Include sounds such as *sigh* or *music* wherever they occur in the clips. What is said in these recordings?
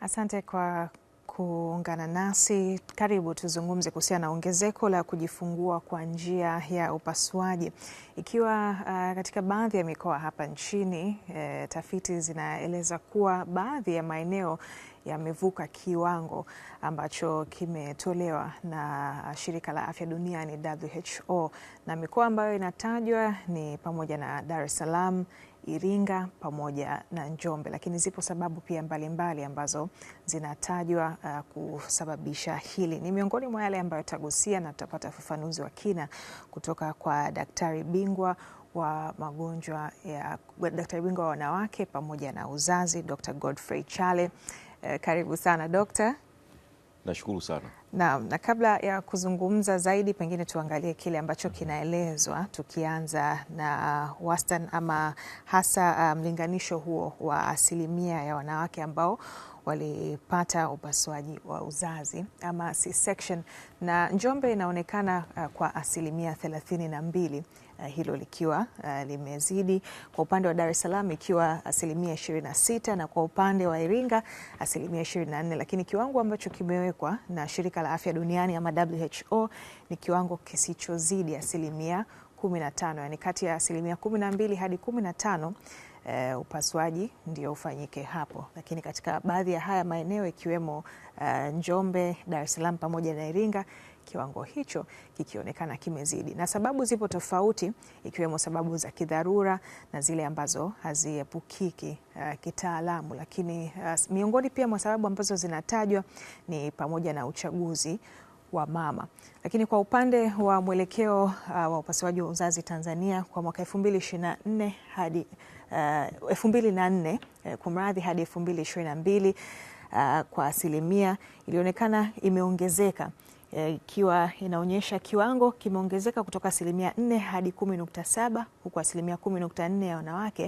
Asante kwa kuungana nasi. Karibu tuzungumze kuhusiana na ongezeko la kujifungua kwa njia ya upasuaji ikiwa uh, katika baadhi ya mikoa hapa nchini eh, tafiti zinaeleza kuwa baadhi ya maeneo yamevuka kiwango ambacho kimetolewa na shirika la afya duniani WHO, na mikoa ambayo inatajwa ni pamoja na Dar es Salaam, Iringa pamoja na Njombe, lakini zipo sababu pia mbalimbali mbali ambazo zinatajwa uh, kusababisha hili. Ni miongoni mwa yale ambayo tagusia na tutapata ufafanuzi wa kina kutoka kwa daktari bingwa wa magonjwa ya daktari bingwa wa wanawake pamoja na uzazi Dr. Godfrey Chale. Uh, karibu sana dokta. Nashukuru sana. Naam, na kabla ya kuzungumza zaidi, pengine tuangalie kile ambacho mm-hmm. kinaelezwa, tukianza na uh, wastani ama hasa uh, mlinganisho um, huo wa asilimia ya wanawake ambao walipata upasuaji wa uzazi ama C-section, na Njombe inaonekana uh, kwa asilimia thelathini na mbili uh, hilo likiwa uh, limezidi kwa upande wa Dar es Salaam ikiwa asilimia 26 na kwa upande wa Iringa asilimia 24, lakini kiwango ambacho kimewekwa na Shirika la Afya Duniani ama WHO ni kiwango kisichozidi asilimia 15, yani kati ya asilimia 12 hadi tano uh, upasuaji ndio ufanyike hapo, lakini katika baadhi ya haya maeneo ikiwemo uh, Njombe, Dar es Salaam pamoja na Iringa kiwango hicho kikionekana kimezidi, na sababu zipo tofauti, ikiwemo sababu za kidharura na zile ambazo haziepukiki uh, kitaalamu. Lakini uh, miongoni pia mwa sababu ambazo zinatajwa ni pamoja na uchaguzi wa mama. Lakini kwa upande wa mwelekeo uh, wa upasuaji wa uzazi Tanzania kwa mwaka 2024 hadi Uh, elfu mbili na nne eh, kumradhi, hadi elfu mbili ishirini na mbili uh, kwa asilimia ilionekana imeongezeka eh, ikiwa inaonyesha kiwango kimeongezeka kutoka asilimia nne hadi kumi nukta saba huku asilimia kumi nukta nne ya wanawake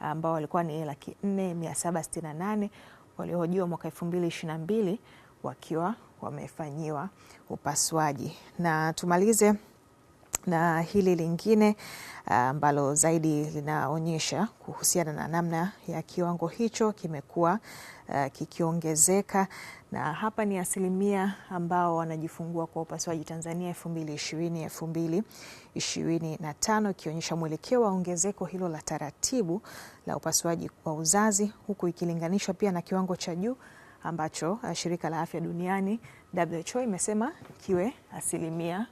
uh, ambao walikuwa ni laki nne mia saba sitini na nane waliohojiwa mwaka elfu mbili ishirini na mbili wakiwa wamefanyiwa upasuaji. Na tumalize na hili lingine ah, ambalo zaidi linaonyesha kuhusiana na namna ya kiwango hicho kimekuwa uh, kikiongezeka na hapa ni asilimia ambao wanajifungua kwa upasuaji Tanzania 2020 2025 ikionyesha mwelekeo wa ongezeko hilo la taratibu la upasuaji wa uzazi huku ikilinganishwa pia na kiwango cha juu ambacho uh, shirika la afya duniani WHO imesema kiwe asilimia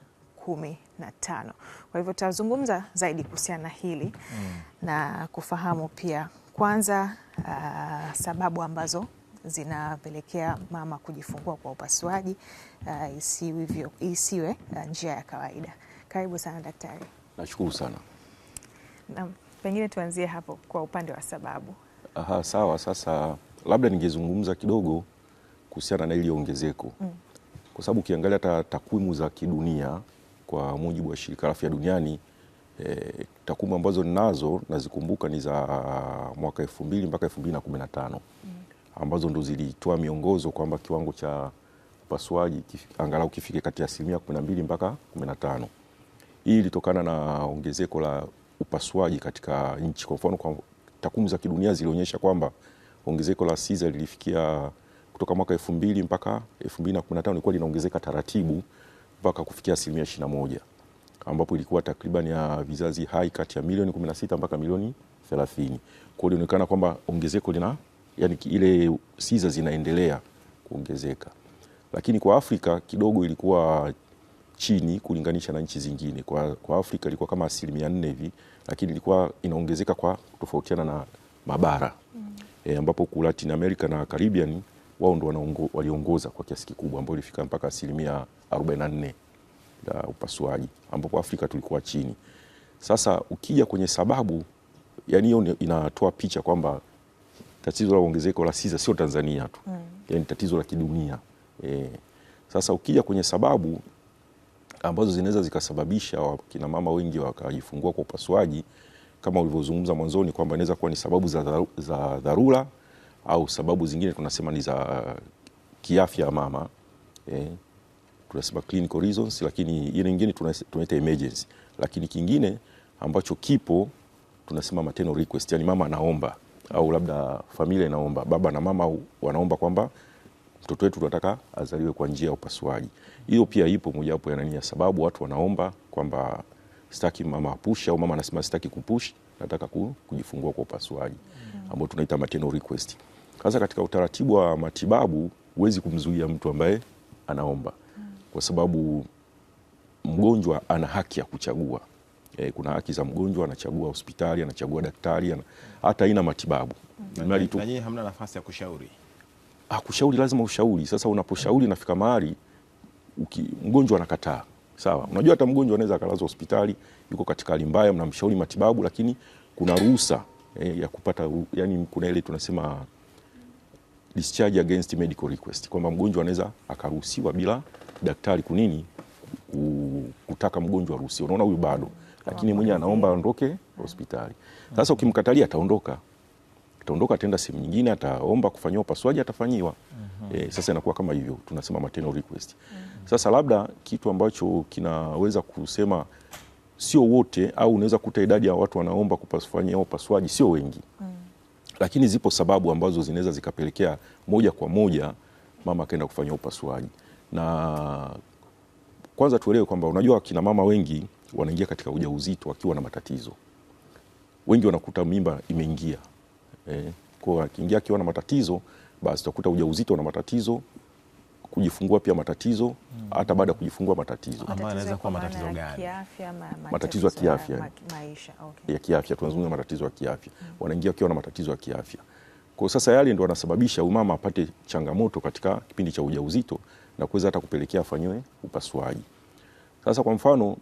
kumi na tano. Kwa hivyo tutazungumza zaidi kuhusiana na hili mm. na kufahamu pia kwanza uh, sababu ambazo zinapelekea mama kujifungua kwa upasuaji uh, isiwe, isiwe uh, njia ya kawaida. Karibu sana daktari. Nashukuru sana. na, pengine tuanzie hapo kwa upande wa sababu. Aha, sawa. Sasa labda ningezungumza kidogo kuhusiana na hili ongezeko mm. kwa sababu ukiangalia hata takwimu za kidunia kwa mujibu wa shirika la afya duniani e, takwimu ambazo ninazo nazikumbuka ni za uh, mwaka 2000 mpaka 2015 mm. ambazo ndo zilitoa miongozo kwamba kiwango cha upasuaji kif, angalau kifike kati ya asilimia 12 mpaka 15. Hii ilitokana na ongezeko la upasuaji katika nchi. Kwa mfano, takwimu za kidunia zilionyesha kwamba ongezeko la siza lilifikia kutoka mwaka 2000 mpaka 2015 ilikuwa linaongezeka taratibu mpaka kufikia asilimia moja ambapo ilikuwa takriban ya vizazi hai kati ya milioni sita mpaka milioni thelathini kwao hiyo ilionekana kwamba ongezeko lina yani, ile siza zinaendelea kuongezeka, lakini kwa Afrika kidogo ilikuwa chini kulinganisha na nchi zingine. Kwa, kwa Afrika ilikuwa kama asilimia nne hivi, lakini ilikuwa inaongezeka kwa kutofautiana na mabara mm. E, ambapo ku Latin America na Caribbean wao ndo waliongoza kwa kiasi kikubwa, ambao ilifika mpaka asilimia 44 la upasuaji, ambapo Afrika tulikuwa chini. Sasa ukija kwenye sababu, yani hiyo inatoa picha kwamba tatizo la ongezeko la siza sio Tanzania tu mm. Yani tatizo la kidunia e. Sasa ukija kwenye sababu ambazo zinaweza zikasababisha wakina mama wengi wakajifungua kwa upasuaji, kama ulivyozungumza mwanzoni kwamba inaweza kuwa ni sababu za dharura au sababu zingine tunasema ni za uh, kiafya mama eh, tunasema clinical reasons, lakini ile nyingine tunaita emergency. Lakini kingine ambacho kipo tunasema maternal request, yani mama anaomba au labda familia inaomba, baba na mama wanaomba kwamba mtoto wetu tunataka azaliwe kwa njia ya upasuaji. Hiyo pia ipo mojawapo ya nani ya sababu watu wanaomba kwamba sitaki mama apush au mama anasema sitaki kupush, nataka kujifungua kwa upasuaji mm. ambao tunaita maternal request. Sasa katika utaratibu wa matibabu huwezi kumzuia mtu ambaye anaomba, kwa sababu mgonjwa ana haki ya kuchagua. E, kuna haki za mgonjwa, anachagua hospitali, anachagua daktari, ana, hata aina matibabu mradi mm. tu. Nanyi hamna nafasi ya kushauri? Ah, kushauri lazima ushauri. Sasa unaposhauri nafika mahali mgonjwa anakataa, sawa. Unajua hata mgonjwa anaweza akalazwa hospitali, yuko katika hali mbaya, mnamshauri matibabu, lakini kuna ruhusa e, ya kupata, yani kuna ile tunasema discharge against medical request, kwamba mgonjwa anaweza akaruhusiwa bila daktari kunini kutaka mgonjwa aruhusiwe. Unaona huyu bado, lakini ah, mwenye anaomba aondoke hospitali. Sasa ukimkatalia ataondoka ataondoka ataenda sehemu nyingine, ataomba kufanyiwa upasuaji, atafanyiwa. E, sasa inakuwa kama hivyo, tunasema maternal request. Mhm. Sasa labda kitu ambacho kinaweza kusema sio wote, au unaweza kuta idadi ya watu wanaomba kufanyiwa upasuaji sio wengi. mm lakini zipo sababu ambazo zinaweza zikapelekea moja kwa moja mama akaenda kufanya upasuaji. Na kwanza tuelewe kwamba unajua, kina mama wengi wanaingia katika ujauzito wakiwa na matatizo, wengi wanakuta mimba imeingia eh, kwa akiingia akiwa na matatizo basi utakuta ujauzito na matatizo, kujifungua pia matatizo hata baada ya kujifungua matatizo. Matatizo Matatizo ya kiafya ya kiafya, tunazungumza matatizo ya kiafya, mm. wanaingia wakiwa na matatizo ya kiafya. Kwa sasa yale ndio anasababisha umama apate changamoto katika kipindi cha ujauzito na kuweza hata kupelekea afanyiwe upasuaji. Sasa kwa mfano,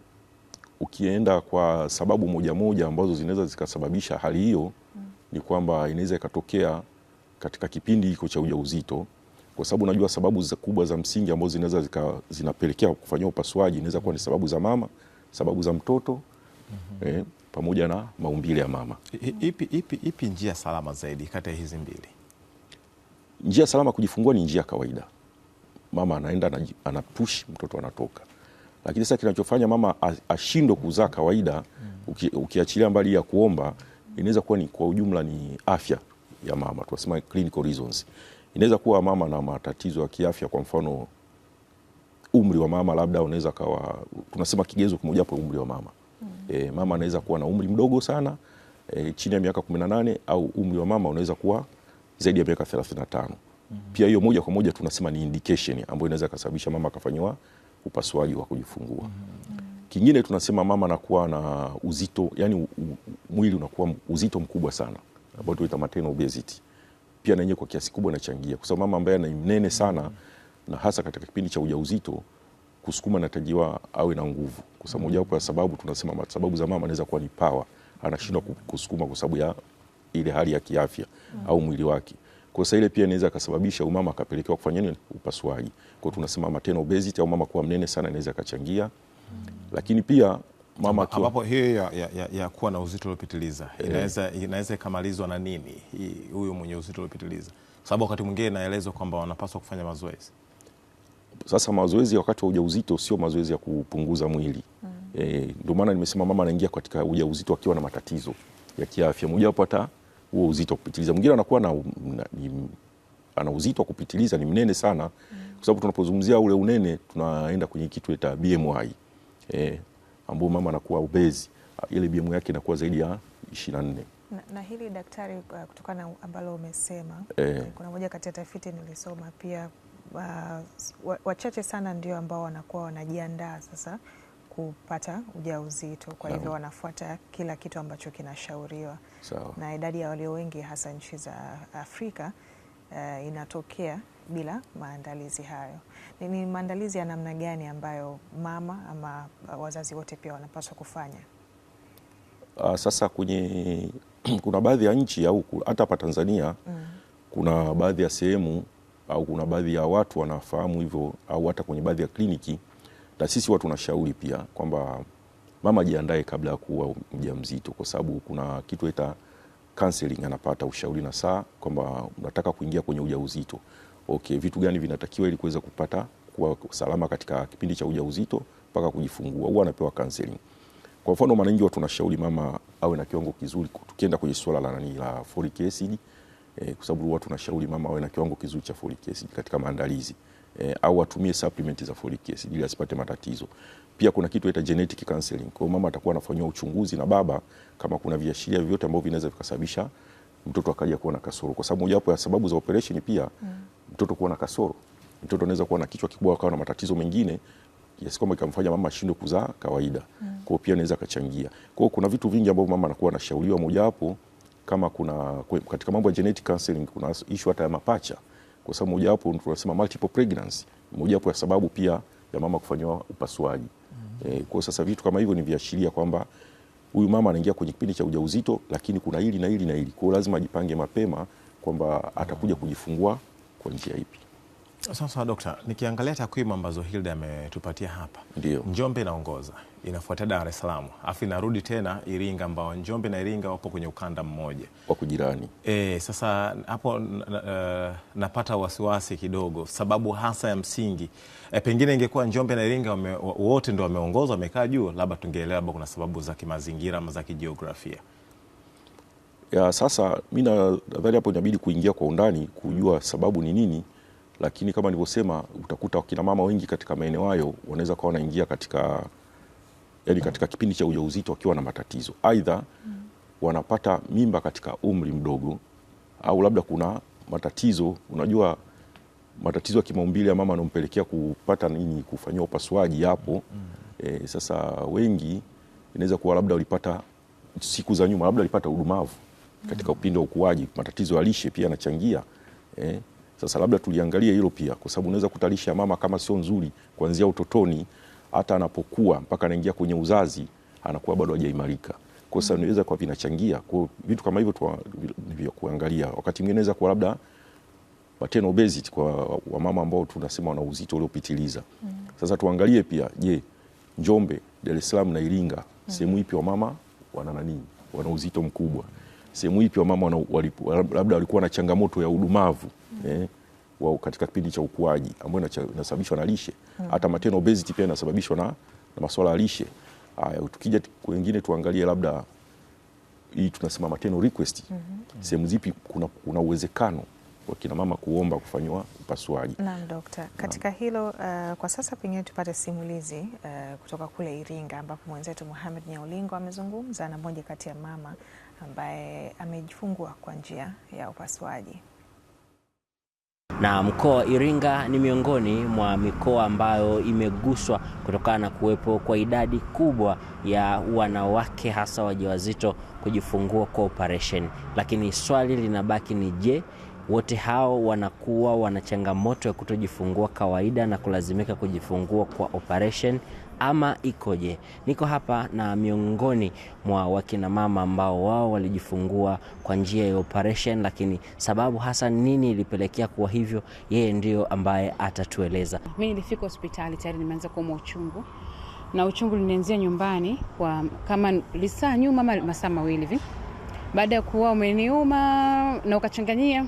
ukienda kwa sababu moja moja ambazo zinaweza zikasababisha hali hiyo, mm. ni kwamba inaweza ikatokea katika kipindi hiko cha ujauzito kwa sababu najua sababu za kubwa za msingi ambazo zinaweza zinapelekea kufanyia upasuaji inaweza kuwa ni sababu za mama, sababu za mtoto mm -hmm. eh, pamoja na maumbile ya mama. Ipi, ipi, ipi njia salama zaidi kati ya hizi mbili? Njia salama kujifungua ni njia kawaida, mama anaenda anapush, mtoto anatoka. Lakini sasa kinachofanya mama ashindwe kuzaa kawaida, mm. uki, ukiachilia mbali ya kuomba, inaweza kuwa ni kwa ujumla ni afya ya mama, tunasema clinical reasons Inaweza kuwa mama na matatizo ya kiafya, kwa mfano umri wa mama labda unaweza kawa, tunasema kigezo kimoja hapo umri wa mama mm. E, mama anaweza kuwa na umri mdogo sana e, chini ya miaka 18 au umri wa mama unaweza kuwa zaidi ya miaka 35 mm. Mm-hmm. Pia hiyo moja kwa moja tunasema ni indication ambayo inaweza kusababisha mama akafanyiwa upasuaji wa kujifungua mm. Kingine tunasema mama anakuwa na uzito, yani u, u, mwili unakuwa uzito mkubwa sana ambao tunaita maternal obesity mm pia na kwa kiasi kubwa inachangia, kwa sababu mama ambaye ana mnene sana na hasa katika kipindi cha ujauzito kusukuma natajiwa awe na nguvu, kwa sababu mojawapo ya sababu tunasema sababu za mama anaweza kuwa ni pawa, anashindwa kusukuma kwa sababu ya ile hali ya kiafya mm. au mwili wake kosa ile pia inaweza kusababisha umama akapelekewa kufanya nini, upasuaji. Kwa tunasema maternal obesity au mama kuwa mnene sana inaweza mm. lakini pia mama akiwa ambapo hiyo ya, ya, ya, ya kuwa na uzito uliopitiliza eh. inaweza inaweza ikamalizwa na nini huyu mwenye uzito uliopitiliza? Kwa sababu wakati mwingine inaelezwa kwamba wanapaswa kufanya mazoezi. Sasa mazoezi wakati wa ujauzito sio mazoezi ya kupunguza mwili mm. Eh, ndio mm. E, maana nimesema mama anaingia katika ujauzito akiwa na matatizo ya kiafya, wapo hata huo uzito wa kupitiliza. Mwingine anakuwa na, na, ana uzito wa kupitiliza ni mnene sana mm. kwa sababu tunapozungumzia ule unene tunaenda kwenye kitu cha BMI. E, ambao mama anakuwa obezi, ile BMI yake inakuwa zaidi ya 24. Na, na hili daktari, uh, kutokana na ambalo umesema eh, kuna moja kati ya tafiti nilisoma pia uh, wachache sana ndio ambao wanakuwa wanajiandaa sasa kupata ujauzito, kwa hivyo wanafuata kila kitu ambacho kinashauriwa. Na idadi ya walio wengi hasa nchi za Afrika uh, inatokea bila maandalizi hayo. Ni, ni maandalizi ya namna gani ambayo mama ama uh, wazazi wote pia wanapaswa kufanya? Uh, sasa kwenye *clears throat* kuna baadhi ya nchi au hata hapa Tanzania mm. kuna baadhi ya sehemu au kuna baadhi ya watu wanafahamu hivyo au hata kwenye baadhi ya kliniki, na sisi watu tunashauri pia kwamba mama jiandae kabla ya kuwa mjamzito, kwa sababu kuna kitu aita counseling anapata ushauri na saa kwamba unataka kuingia kwenye ujauzito okay, vitu gani vinatakiwa ili kuweza kupata kuwa salama katika kipindi cha ujauzito mpaka kujifungua, huwa anapewa counseling. Kwa mfano, mara nyingi tunashauri mama awe na kiwango kizuri, tukienda kwenye swala la nani la folic acid e, kwa sababu watu tunashauri mama awe na kiwango kizuri cha folic acid katika maandalizi e, au atumie supplement za folic acid ili asipate matatizo. Pia kuna kitu inaitwa genetic counseling. Kwa mama atakuwa anafanywa uchunguzi na baba kama kuna viashiria vyote ambavyo vinaweza vikasababisha mtoto akaja kuwa na kasoro, kwa sababu mojawapo ya sababu za operation pia mm. mtoto kuwa na kasoro, mtoto anaweza kuwa na kichwa kikubwa akawa na matatizo mengine kiasi kwamba ikamfanya mama ashindwe kuzaa kawaida mm. kwao pia anaweza akachangia. Kwao kuna vitu vingi ambavyo mama anakuwa anashauriwa, mojawapo kama kuna katika mambo ya genetic counseling kuna ishu hata ya mapacha, kwa sababu mojawapo tunasema multiple pregnancy, mojawapo ya sababu pia ya mama kufanyiwa upasuaji mm. E, kwa sasa vitu kama hivyo ni viashiria kwamba huyu mama anaingia kwenye kipindi cha ujauzito, lakini kuna hili na hili na hili, kwa hiyo lazima ajipange mapema kwamba atakuja kujifungua kwa njia ipi. Sasa dokta, nikiangalia takwimu ambazo Hilda ametupatia hapa, ndio Njombe inaongoza, inafuatia Dar es Salaam, afu inarudi tena Iringa, ambao Njombe na Iringa wapo kwenye ukanda mmoja kwa kujirani. E, sasa hapo uh, napata wasiwasi kidogo, sababu hasa ya msingi e, pengine ingekuwa Njombe na Iringa wame, wote ndo wameongoza wamekaa juu, labda tungeelewa, labda kuna sababu za kimazingira ama za kijiografia ya sasa. Mi nadhani hapo inabidi kuingia kwa undani kujua sababu ni nini lakini kama nilivyosema, utakuta wakina mama wengi katika maeneo hayo wanaweza kuwa wanaingia katika yani katika kipindi cha ujauzito wakiwa na matatizo aidha wanapata mimba katika umri mdogo au labda kuna matatizo unajua matatizo ya kimaumbile ya mama anampelekea kupata nini kufanyiwa upasuaji hapo mm. E, sasa wengi inaweza kuwa labda walipata siku za nyuma labda walipata udumavu katika mm. upindo wa ukuaji matatizo ya lishe pia yanachangia eh. Sasa labda tuliangalia hilo pia, kwa sababu unaweza kutalisha mama kama sio nzuri kuanzia utotoni, hata anapokuwa mpaka anaingia kwenye uzazi anakuwa bado hajaimarika. Kwa sababu inaweza kwa vinachangia kwa vitu kama hivyo vya kuangalia. Wakati mwingine inaweza kwa labda maternal obesity kwa wamama ambao tunasema wana uzito uliopitiliza. Mm. Sasa tuangalie pia, je, Njombe, Dar es Salaam na Iringa, sehemu ipi wamama wana nani, wana uzito mkubwa? sehemu ipi wamama labda walikuwa na changamoto ya udumavu eh, wa katika kipindi cha ukuaji ambayo inasababishwa na lishe. Hmm. Hata maternal obesity pia inasababishwa na, na masuala ya lishe. Haya, tukija wengine tuangalie labda hii tunasema maternal request mm -hmm. Sehemu zipi kuna, kuna uwezekano wa kina mama kuomba kufanyiwa upasuaji. Naam, dokta, katika hilo uh, kwa sasa pengine tupate simulizi uh, kutoka kule Iringa ambapo mwenzetu Mohamed Nyaulingo amezungumza na moja kati ya mama ambaye amejifungua kwa njia ya upasuaji. Na mkoa wa Iringa ni miongoni mwa mikoa ambayo imeguswa kutokana na kuwepo kwa idadi kubwa ya wanawake hasa wajawazito kujifungua kwa operation. Lakini swali linabaki ni je, wote hao wanakuwa wana changamoto ya kutojifungua kawaida na kulazimika kujifungua kwa operation ama ikoje? Niko hapa na miongoni mwa wakina mama ambao wao walijifungua kwa njia ya operation, lakini sababu hasa nini ilipelekea kuwa hivyo, yeye ndio ambaye atatueleza. Mimi nilifika hospitali tayari nimeanza kuumwa uchungu na uchungu linianzia nyumbani kwa kama lisaa nyuma ama masaa mawili hivi, baada ya kuwa umeniuma na ukachanganyia,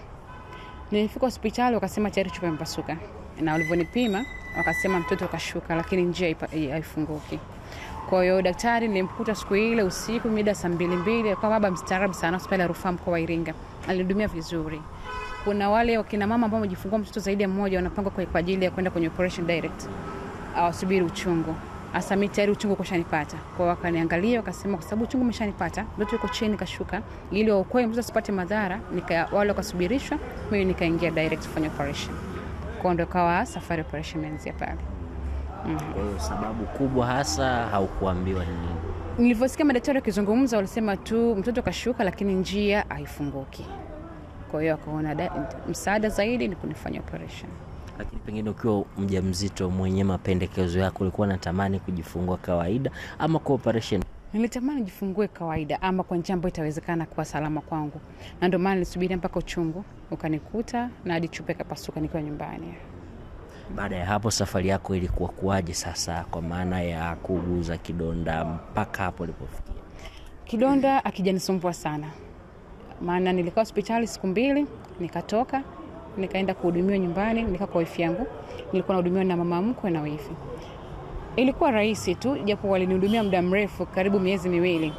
nilifika hospitali wakasema tayari chupa imepasuka, na walivyonipima wakasema mtoto kashuka, lakini njia haifunguki. Kwa hiyo daktari nilimkuta siku ile usiku mida saa mbili mbili, alikuwa baba mstaarabu sana, hospitali ya rufaa mkoa wa Iringa, alihudumia vizuri. Kuna wale wakina mama ambao wamejifungua mtoto zaidi ya mmoja, wanapangwa kwa ajili ya kwenda kwenye operation direct, awasubiri uchungu hasa mi tayari uchungu kushanipata. kwao wakaniangalia wakasema kwa sababu uchungu umeshanipata, mtoto yuko chini kashuka, ili waokoe mtoto asipate madhara, nika wale wakasubirishwa, mimi nikaingia direct kufanya operation ndo kawa Safari Operation ya pale. Mm. Kwa hiyo sababu kubwa hasa haukuambiwa ni nini? Nilivyosikia madaktari wakizungumza, walisema tu mtoto kashuka, lakini njia haifunguki. Kwa hiyo akaona msaada zaidi ni kunifanya operation. Lakini pengine ukiwa mjamzito mwenye mapendekezo yako, ulikuwa unatamani kujifungua kawaida ama kwa operation? Nilitamani jifungue kawaida, ama kwa njia ambayo itawezekana kuwa salama kwangu, na ndio maana nilisubiri mpaka uchungu ukanikuta na hadi chupa ikapasuka nikiwa nyumbani. Baada ya hapo safari yako ilikuwa kuwaje sasa, kwa maana ya kuguza kidonda mpaka hapo ulipofikia? Kidonda akijanisumbua sana, maana nilikaa hospitali siku mbili, nikatoka nikaenda kuhudumiwa nyumbani, nikaa kwa wifi yangu. Nilikuwa nahudumiwa na mama mkwe na wifi Ilikuwa rahisi tu, japo walinihudumia muda mrefu, karibu miezi miwili,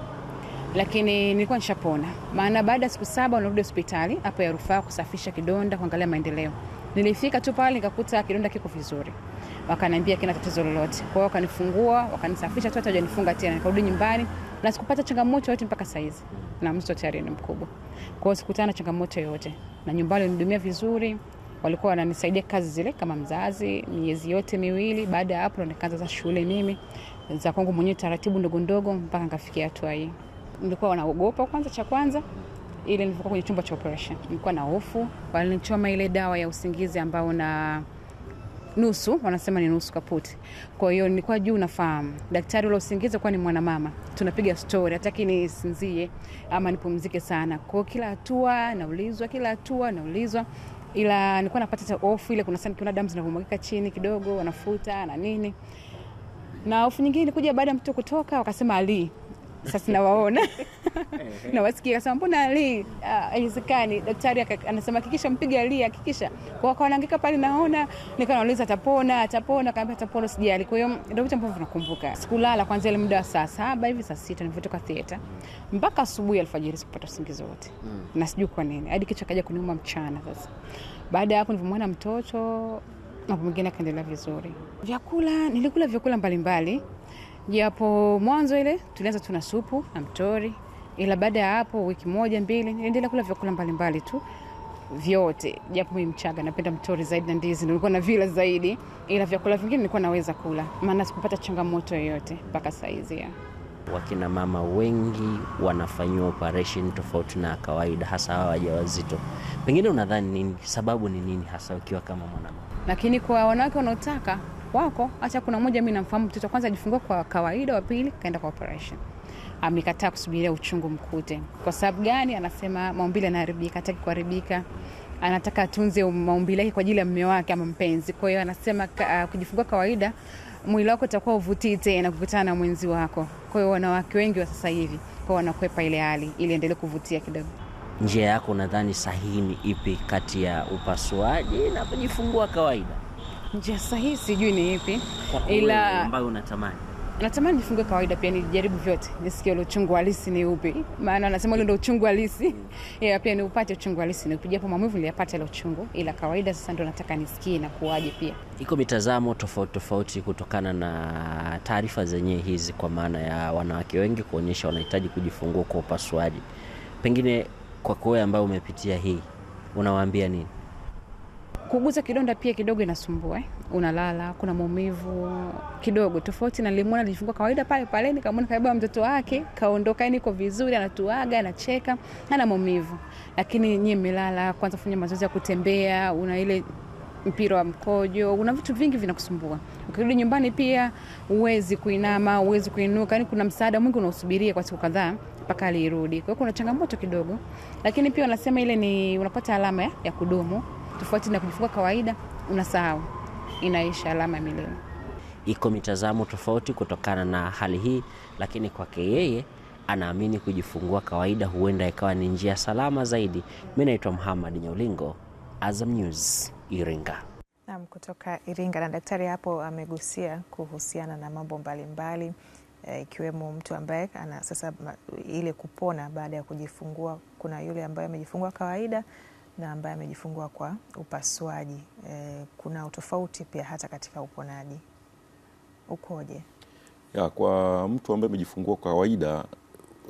lakini nilikuwa nishapona. Maana baada ya siku saba unarudi hospitali hapo ya rufaa kusafisha kidonda, kuangalia maendeleo. Nilifika tu pale nikakuta kidonda kiko vizuri, wakaniambia kina tatizo lolote. Kwa hiyo wakanifungua, wakanisafisha tu, hata hajanifunga tena. Nikarudi nyumbani na sikupata changamoto yote mpaka saizi, na mtoto tayari ni mkubwa. Kwa hiyo sikutana changamoto yote, na nyumbani nihudumia vizuri walikuwa wananisaidia kazi zile kama mzazi miezi yote miwili. Baada ya hapo nikaanza za shule mimi za kwangu mwenyewe taratibu ndogo ndogo mpaka nikafikia hatua hii. Nilikuwa wanaogopa kwanza, cha kwanza ili nilikuwa kwenye chumba cha operation, nilikuwa na hofu. Walinichoma ile dawa ya usingizi ambao na nusu wanasema ni nusu kaputi. Kwa hiyo nilikuwa juu, nafahamu daktari ule usingizi kwa ni mwanamama, tunapiga stori, hataki nisinzie ama nipumzike sana. kwao kila hatua naulizwa, kila hatua naulizwa ila nilikuwa napata hofu ile, kuna sana kuna damu zinavyomwagika chini kidogo, wanafuta na nini, na hofu nyingine ilikuja baada ya mtu kutoka, wakasema Ali, sasa nawaona *laughs* na wasikia kasema mbona ali ah, haiwezekani. Uh, daktari anasema hakikisha mpiga ali hakikisha kwa kwa anaangaika pale, naona nikawa nauliza atapona, atapona, kaambia atapona, sijali. Kwa hiyo ndio vitu ambavyo nakumbuka. Sikulala kwanza ile muda wa saa saba hivi saa sita nilivyotoka theater mpaka asubuhi alfajiri, sikupata usingizi wote mm. na sijui kwa nini, hadi kichwa kaja kuniuma mchana. Sasa baada ya hapo nilivyomwona mtoto mambo mengine akaendelea vizuri. Vyakula nilikula vyakula mbalimbali, japo mwanzo ile tulianza tuna supu na mtori ila baada ya hapo wiki moja mbili niendelea kula vyakula mbalimbali tu vyote japo mimi Mchaga napenda mtori zaidi na ndizi, nilikuwa na vila zaidi, ila vyakula vingine nilikuwa naweza kula, maana sikupata changamoto yoyote mpaka saizi. Ya wakina mama wengi wanafanyiwa operation tofauti na kawaida, hasa hawa wajawazito. Pengine unadhani nini, sababu ni nini hasa ukiwa kama mwanamama? Lakini kwa wanawake wanaotaka wako, hata kuna mmoja mimi namfahamu, mtoto kwanza ajifungue kwa kawaida, wa pili kaenda kwa operation amekataa kusubiria uchungu mkute. Kwa sababu gani? Anasema maumbile anaharibika, hataki kuharibika anataka atunze maumbile yake kwa ajili ya mume wake ama mpenzi. Kwa hiyo anasema uh, kujifungua kawaida mwili wako utakuwa uvutii tena kukutana na mwenzi wako. Kwa hiyo wanawake wengi wa sasa hivi kwa wanakwepa ile hali ili endelee kuvutia kidogo. Njia yako nadhani sahihi ni ipi kati ya upasuaji na kujifungua kawaida? Njia sahihi sijui ni ipi, ila ambayo unatamani natamani nifungue kawaida pia nijaribu vyote nisikie ule uchungu halisi ni upi maana anasema ule ndo uchungu halisi mm. yeah, pia niupate uchungu halisi nikujapo maumivu niliyapata ile uchungu ila kawaida sasa ndo nataka nisikie na pia iko mitazamo tofauti tofauti kutokana na taarifa zenyewe hizi kwa maana ya wanawake wengi kuonyesha wanahitaji kujifungua kwa upasuaji pengine kwa wewe ambayo umepitia hii unawaambia nini Kuguza kidonda pia kidogo inasumbua eh? Unalala, kuna maumivu kidogo tofauti na nilimuona alijifungua kawaida pale pale, nikamwona kabeba na mtoto wake kaondoka, yani iko vizuri, anatuaga anacheka, ana maumivu. Lakini nyie mmelala, kwanza fanya mazoezi ya kutembea, una ile mpira wa mkojo, una vitu vingi vinakusumbua. Ukirudi nyumbani pia uwezi kuinama, uwezi kuinuka, yani kuna msaada mwingi unaosubiria kwa siku kadhaa mpaka alirudi. Kwa hiyo kuna changamoto kidogo, lakini pia wanasema ile ni unapata alama ya kudumu tofauti na kujifunga kawaida, unasahau, inaisha alama milele. Iko mitazamo tofauti kutokana na hali hii, lakini kwake yeye anaamini kujifungua kawaida huenda ikawa ni njia salama zaidi. Mi naitwa Muhammad Nyaulingo, Azam News, Iringa. nam kutoka Iringa. Na daktari hapo amegusia kuhusiana na mambo mbalimbali eh, ikiwemo e, mtu ambaye ana sasa ile kupona baada ya kujifungua. Kuna yule ambaye amejifungua kawaida na ambaye amejifungua kwa upasuaji e, kuna utofauti pia hata katika uponaji ukoje? Ya, kwa mtu ambaye amejifungua kwa kawaida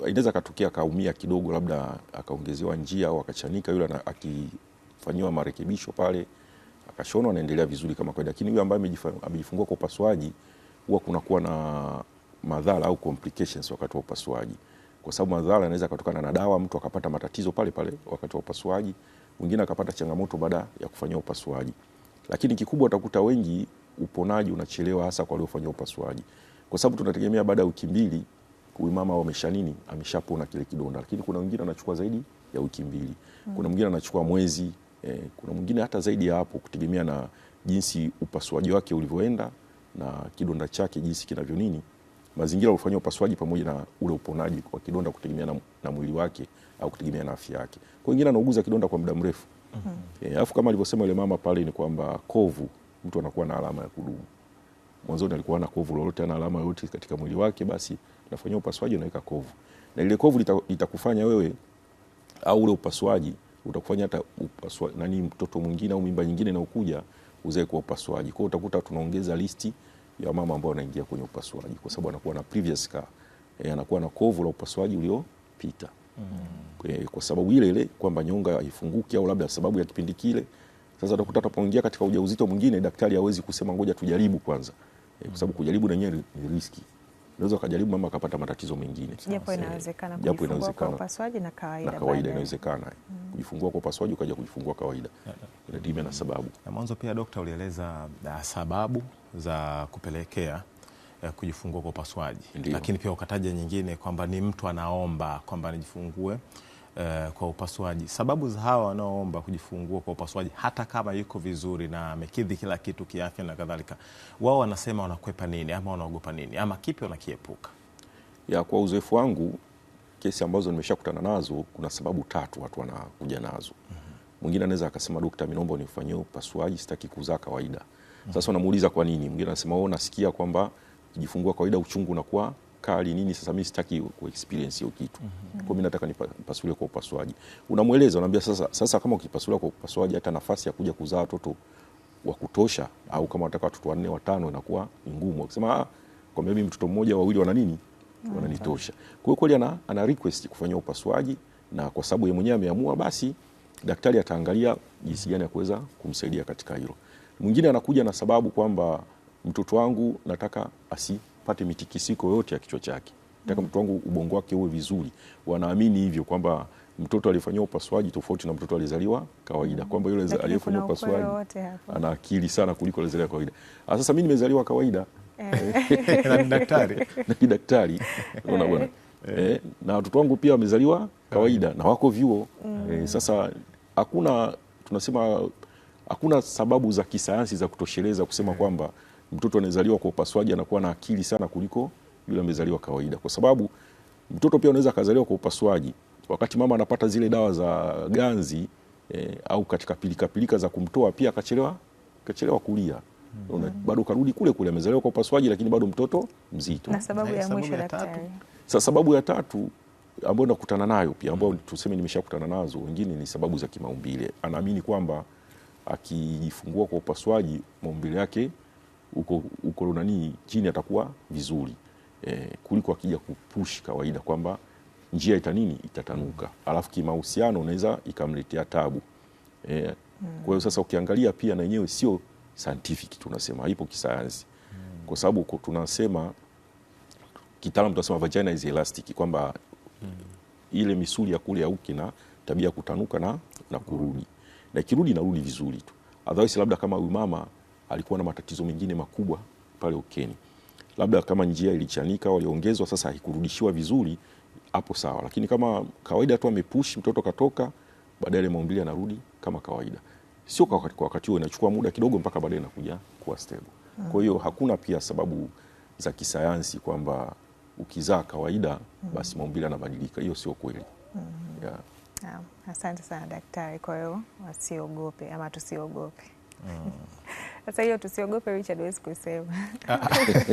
inaweza akatokea akaumia kidogo, labda akaongezewa njia au akachanika, yule akifanyiwa marekebisho pale akashonwa, anaendelea vizuri kama kawaida. Lakini yule ambaye amejifungua kwa upasuaji huwa kunakuwa na madhara au complications wakati wa upasuaji, kwa sababu madhara yanaweza kutokana na dawa, mtu akapata matatizo pale pale wakati wa upasuaji mwingine akapata changamoto baada ya kufanyia upasuaji. Lakini kikubwa utakuta wengi uponaji unachelewa, hasa kwa waliofanyia upasuaji, kwa sababu tunategemea baada ya wiki mbili huyu mama amesha nini, ameshapona kile kidonda, lakini kuna wengine anachukua zaidi ya wiki mbili, hmm. kuna mwingine anachukua mwezi eh, kuna mwingine hata zaidi ya hapo, kutegemea na jinsi upasuaji wake ulivyoenda na kidonda chake jinsi kinavyo nini mazingira alifanyia upasuaji pamoja na ule uponaji kwa kidonda kutegemea na, na mwili wake au kutegemea na afya yake. Kwa wengine anauguza kidonda kwa muda mrefu mm -hmm. E, kama alivyosema yule mama pale ni kwamba kovu, mtu anakuwa na alama ya kudumu. Mwanzo alikuwa na kovu lolote, ana alama yoyote katika mwili wake, basi nafanyia upasuaji, unaweka kovu, na ile kovu litakufanya wewe au ule upasuaji utakufanya hata upaswa, nani mtoto mwingine au mimba nyingine na ukuja uzae kwa upasuaji. Kwa hiyo utakuta tunaongeza listi ya mama ambao anaingia kwenye upasuaji, kwa sababu anakuwa na previous scar e, anakuwa na kovu la upasuaji uliopita mm. e, kwa sababu ile ile kwamba nyonga haifunguki au labda sababu ya kipindi kile. Sasa utakuta atapoingia katika ujauzito mwingine, daktari hawezi kusema ngoja tujaribu kwanza e, kwa sababu kujaribu na yeye ni riski Unaweza ukajaribu mama akapata matatizo mengine, japo inawezekana na kawaida inawezekana mm. kujifungua kwa upasuaji ukaja kujifungua kawaida, inategemea na sababu. Na mwanzo pia, dokta, ulieleza uh, sababu za kupelekea eh, kujifungua kwa upasuaji, lakini pia ukataja nyingine kwamba ni mtu anaomba kwamba nijifungue eh, kwa upasuaji. Sababu za hawa wanaoomba kujifungua kwa upasuaji, hata kama yuko vizuri na amekidhi kila kitu kiafya na kadhalika, wao wanasema wanakwepa nini ama wanaogopa nini ama kipi wanakiepuka? Ya, kwa uzoefu wangu kesi ambazo nimeshakutana nazo kuna sababu tatu watu wanakuja nazo. Mhm. Mwingine mm -hmm. anaweza akasema, dokta, mimi naomba unifanyie upasuaji, sitaki kuzaa kawaida sasa unamuuliza kwa nini, mwingine anasema wewe oh, unasikia kwamba kujifungua kawaida uchungu unakuwa kali nini. Sasa mimi sitaki ku experience hiyo kitu mm -hmm. Kwa mimi nataka nipasulie kwa upasuaji, Unamueleza, unamwambia sasa sasa, kama ukipasulia kwa upasuaji, hata nafasi ya kuja kuzaa watoto wa kutosha, au kama unataka watoto wanne watano, inakuwa ngumu. Akisema ah, kwa mimi mtoto mmoja wawili wana nini mm. wananitosha. Kwa hiyo kweli ana, ana request kufanyia upasuaji, na kwa sababu yeye mwenyewe ameamua, basi daktari ataangalia jinsi gani ya kuweza kumsaidia katika hilo. Mwingine anakuja na sababu kwamba mtoto wangu nataka asipate mitikisiko yote ya kichwa chake, nataka mtoto wangu ubongo wake uwe vizuri. Wanaamini hivyo kwamba mtoto aliyefanyiwa upasuaji tofauti na mtoto aliyezaliwa kawaida, mm. kwamba yule aliyefanyiwa upasuaji ana akili sana kuliko aliyezaliwa kawaida. Ah, sasa mimi nimezaliwa kawaida eh. Eh. *laughs* na ni daktari *laughs* na ni daktari, unaona bwana eh, eh. na watoto wangu pia wamezaliwa kawaida na wako vyuo mm. sasa hakuna tunasema hakuna sababu za kisayansi za kutosheleza kusema kwamba mtoto anayezaliwa kwa upasuaji anakuwa na akili sana kuliko yule amezaliwa kawaida, kwa sababu mtoto pia anaweza akazaliwa kwa upasuaji wakati mama anapata zile dawa za ganzi eh, au katika pilika pilika za kumtoa pia akachelewa kachelewa kulia mm -hmm. Bado karudi kule kule, amezaliwa kwa upasuaji lakini bado mtoto mzito. Na sababu ya mwisho daktari, sa sababu ya tatu ambayo nakutana nayo pia ambayo tuseme nimeshakutana nazo, wengine ni sababu za kimaumbile. Anaamini kwamba akijifungua kwa upasuaji maumbile yake uko, uko nani chini atakuwa vizuri e, kuliko akija kupush kawaida kwamba njia ita nini itatanuka, alafu kimahusiano unaweza ikamletea tabu e, mm. kwa hiyo sasa ukiangalia pia na yenyewe sio scientific tunasema, haipo kisayansi mm. kwa sababu tunasema kitaalam tunasema vagina is elastic kwamba mm. ile misuli ya kule ya uke na tabia ya kutanuka na, na kurudi na ikirudi narudi vizuri tu. Otherwise labda kama huyu mama alikuwa na matatizo mengine makubwa pale ukeni, labda kama njia ilichanika waliongezwa, sasa haikurudishiwa vizuri, hapo sawa. Lakini kama kawaida tu amepush mtoto katoka, baadaye maumbile anarudi kama kawaida, sio kwa wakati huo, inachukua muda kidogo mpaka baadaye inakuja kuwa stable. Hmm. Kwa hiyo hakuna pia sababu za kisayansi kwamba ukizaa kawaida hmm. basi maumbile yanabadilika, hiyo sio kweli. Hmm. yeah. Asante sana daktari. Kwa hiyo wasiogope ama tusiogope. Mm. *laughs* Sasa hiyo tusiogope, Richard wezi kusema. *laughs*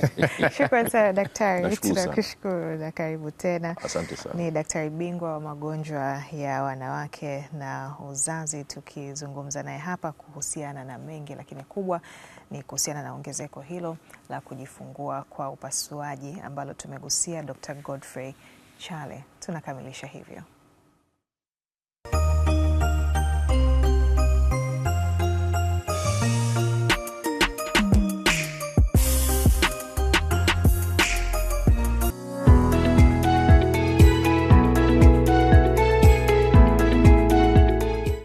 *laughs* Shukran sana daktari, tunakushukuru na karibu tena. Asante sana. Ni daktari bingwa wa magonjwa ya wanawake na uzazi, tukizungumza naye hapa kuhusiana na mengi, lakini kubwa ni kuhusiana na ongezeko hilo la kujifungua kwa upasuaji ambalo tumegusia. Dr. Godfrey Chale, tunakamilisha hivyo.